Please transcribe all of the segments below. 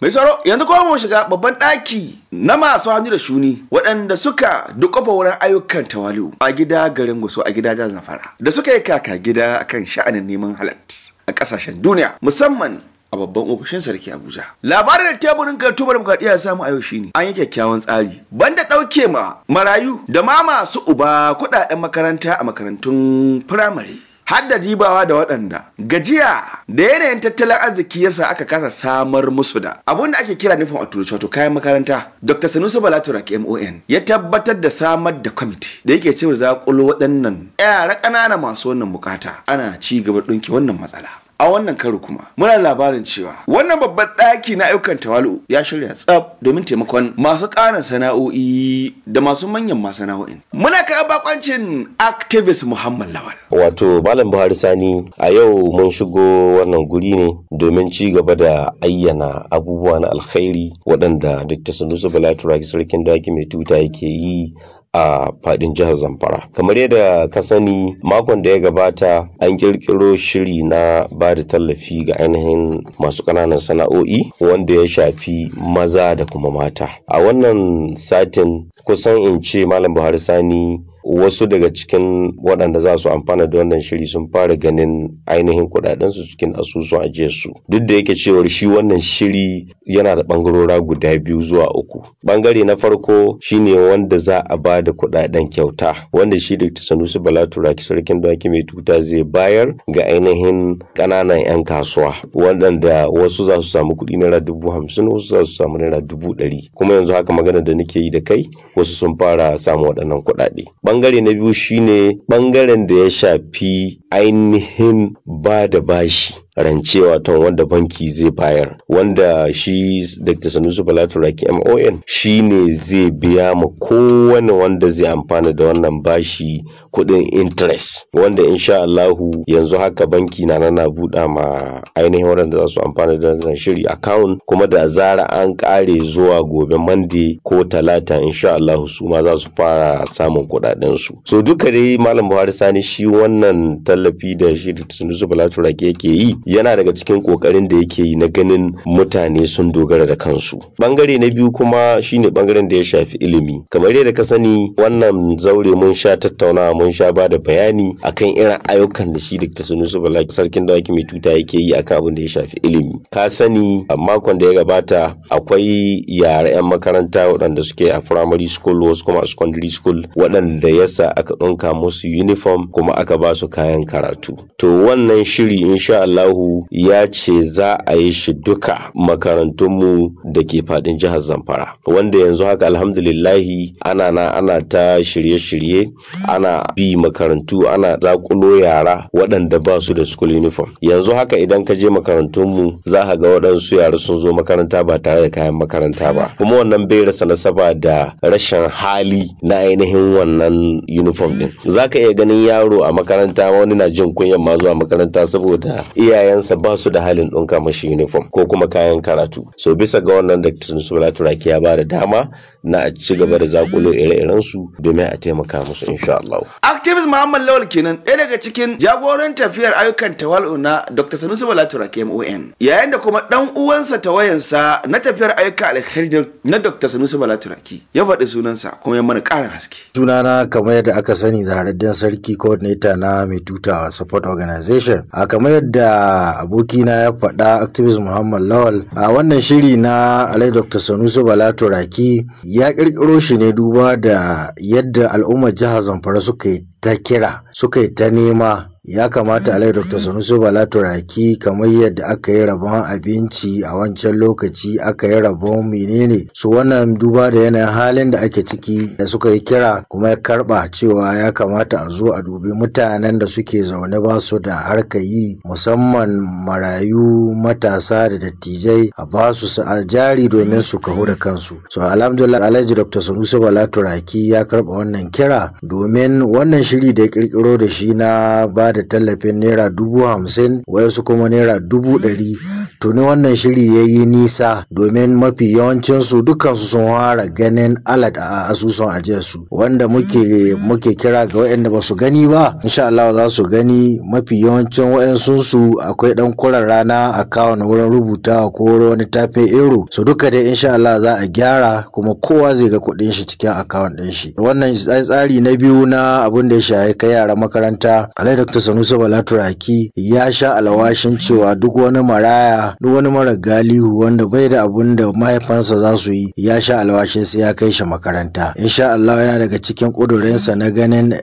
Mai tsaro yanzu kuma mu shiga babban ɗaki na masu hannu da shuni waɗanda suka dukofa wurin ayyukan tawali'u a gida garin guso a gida jihar fara. da suka yi kaka gida kan sha'anin neman halat a ƙasashen duniya musamman a babban ofishin sarki Abuja. Labarin da teburin kartubar ya samu a yau shine an yi kyakkyawan tsari banda ɗauke ma marayu da ma masu uba kuɗaɗen makaranta a makarantun firamare. Hadda da jibawa da waɗanda gajiya da yanayin tattalin arziki yasa aka kasa samar musu da abun da ake kira nufin a turanci wato kayan makaranta dr sanusi balaturak mon ya tabbatar da samar da kwamiti da yake cewa zakulo waɗannan yara ƙanana masu wannan bukata ana ci gaba ɗinki wannan matsala a wannan karo kuma muna labarin cewa wannan babban ɗaki na ayyukan tawalu ya shirya tsab domin taimakon masu ƙara sana'o'i da masu manyan masana'o'in muna karɓar bakoncin activist muhammad lawal wato malam buhari sani a yau mun shigo wannan guri ne domin ci gaba da ayyana abubuwa na alkhairi waɗanda dr sanusi bala turaki sarkin daki mai tuta yake yi a fadin jihar zamfara kamar yadda ka sani makon da ya gabata an kirkiro shiri na ba da tallafi ga ainihin masu ƙananan sana'o'i wanda ya shafi maza da kuma mata a wannan satin kusan in ce malam buhari sani wasu daga cikin waɗanda za su amfana da wannan shiri sun fara ganin ainihin su cikin asusun ajiyarsu duk da yake cewar shi wannan shiri yana da ɓangarora guda biyu zuwa uku ɓangare na farko shine wanda za a ba da kuɗaɗen kyauta wanda shi da sanusi bala turaki sarkin daki mai tuta zai bayar ga ainihin ƙananan 'yan kasuwa waɗanda wasu za su samu kuɗi naira dubu hamsin wasu za su samu naira dubu ɗari kuma yanzu haka magana da nake yi da kai wasu sun fara samu waɗannan kuɗaɗe bangare na biyu shine bangaren da ya shafi ainihin ba da bashi rance wato wanda banki zai bayar wanda shi Dr. Sanusi Balaturaki MON shi ne zai biya ma kowane wanda zai amfana da wannan bashi kuɗin interest wanda insha Allahu yanzu haka banki na nana buɗa ma ainihin waɗanda za su amfana da wannan shiri account kuma da zara an ƙare zuwa gobe Monday ko Talata insha Allahu su ma za su fara samun kuɗaɗen su so duka dai Malam Buhari Sani shi wannan tallafi da shi Dr. Sanusi yake yi yana daga cikin kokarin da yake yi na ganin mutane sun dogara da kansu bangare na biyu kuma shine bangaren da ya shafi ilimi kamar yadda ka sani wannan zaure mun sha tattaunawa mun sha ba da bayani akan irin ayyukan da shi sunu su Bala sarkin da mai tuta yake yi akan abin da ya shafi ilimi ka sani makon da ya gabata akwai yara 'yan makaranta waɗanda suke a primary school wasu kuma a secondary school waɗanda yasa aka ɗunka musu uniform kuma aka ba su kayan karatu to wannan shiri insha Allah Allahu ya ce za a yi shi duka makarantunmu da ke fadin jihar Zamfara. Wanda yanzu haka alhamdulillahi ana na ana ta shirye-shirye ana bi makarantu ana zakulo yara waɗanda ba su da school uniform. Yanzu haka idan ka je makarantunmu za ka ga waɗansu yara sun zo makaranta ba tare da kayan makaranta ba. Kuma wannan bai rasa nasaba da rashin hali na ainihin wannan uniform ɗin. Za ka iya ganin yaro a makaranta wani na jin kunyan ma zuwa makaranta saboda iyaye kayansa ba su da halin ɗunka mashi uniform ko kuma kayan karatu so bisa ga wannan da Sula Turaki ya ba da dama na a ci gaba da zakulo ire-iren su domin a taimaka musu insha Allah. Activist Muhammad Lawal kenan ɗaya daga cikin jagoran tafiyar ayyukan tawal'u na Dr. Sanusi Bala Turaki MON yayin da kuma ɗan uwansa wayansa na tafiyar ayyuka alkhairi na Dr. Sanusi Bala Turaki ya faɗi sunansa kuma ya mana ƙarin haske. Sunana kamar yadda aka sani Zaharaddin Sarki coordinator na Mai tutawa Support Organization a kamar yadda abokina ya faɗa activist Muhammad Lawal a wannan shiri na Alai Dr. Sanusi Bala Turaki ya ƙirƙiro shi ne duba da yadda al'ummar jihar Zamfara suka yi ta kira suka yi ta nema ya kamata alai dr sanusi bala turaki kamar yadda aka yi rabon abinci a wancan lokaci aka yi rabon menene su wannan duba da yanayin halin da ake ciki da suka yi kira kuma ya karba cewa ya kamata a zo a dubi mutanen da suke zaune ba su da harka yi musamman marayu matasa da dattijai a ba su jari domin su kahu da kansu so alhamdulillah alhaji dr sanusi bala turaki ya karba wannan kira domin wannan shiri da ya kirkiro da shi na ba da da tallafin naira dubu hamsin wayansu kuma naira dubu ɗari tuni wannan shiri ya yi nisa domin mafi yawancinsu dukansu sun fara ganin alad a asusun ajiyarsu wanda muke muke kira ga waɗanda ba su gani ba insha Allah za su gani mafi yawancin su akwai ɗan kuran rana a wurin rubuta ko wani tafe ero su duka dai insha Allah za a gyara kuma kowa zai ga kuɗin shi cikin akawun ɗin shi wannan tsari na biyu na abin da ya shahi kai yara makaranta alai dr sanusi bala turaki ya sha alawashin cewa duk wani maraya duk wani mara galihu wanda bai da abun da mahaifansa za su yi ya sha alwashin sai ya kai shi makaranta insha Allah yana daga cikin kudurinsa na ganin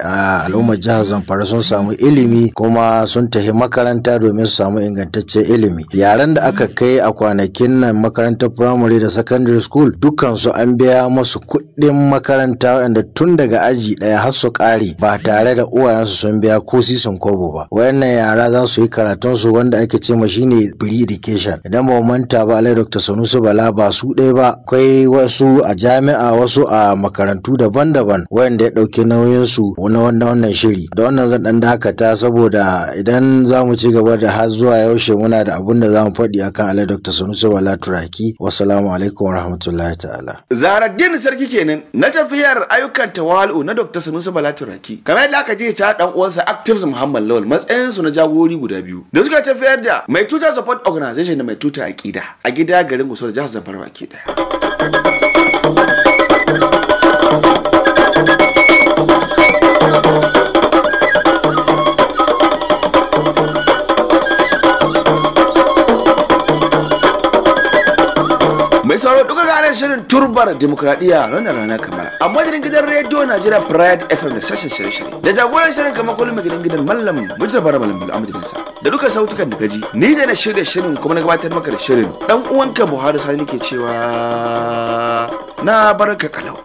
al'ummar jihar Zamfara sun samu ilimi kuma sun tafi makaranta domin su samu ingantaccen ilimi yaran da aka kai a kwanakin nan makarantar primary da secondary school dukansu an biya masu kuɗin makaranta wanda tun daga aji ɗaya har su ƙari ba tare da uwayensu sun biya ko sun kobo ba wayannan yara za su yi karatun su wanda ake ce ma shine free education idan ba manta ba alai dr sanusi bala ba su ɗaya ba akwai wasu a jami'a wasu a makarantu daban-daban wayanda ya ɗauki nauyin su na wannan shiri da wannan zan dan dakata saboda idan za mu ci gaba da har zuwa yaushe muna da abun da za mu faɗi akan alai dr sanusi bala turaki wasalamu alaikum warahmatullahi ta'ala zaraddin sarki kenan na tafiyar ayyukan tawalu na dr sanusi bala turaki kamar yadda aka je ta dan uwansa actives muhammad Muhammad Lawal matsayin su na jagori guda biyu da suka tafiyar da mai tuta support organization da mai tuta akida a gida garin Gusau da jihar Zamfara ke daya. mai sauro duka ranar shirin turbar demokradiyya ranar rana kamar a madadin gidan rediyo najeriya pride fm da sashen shirye-shirye da jagoran shirin kamar kullum gidan gidan mallam murtaba malam amadu amdinsa da duka sautukan da gaji ni da na shirya shirin kuma na gabatar maka da shirin dan uwanka buhari sani ke cewa na bar ka kalau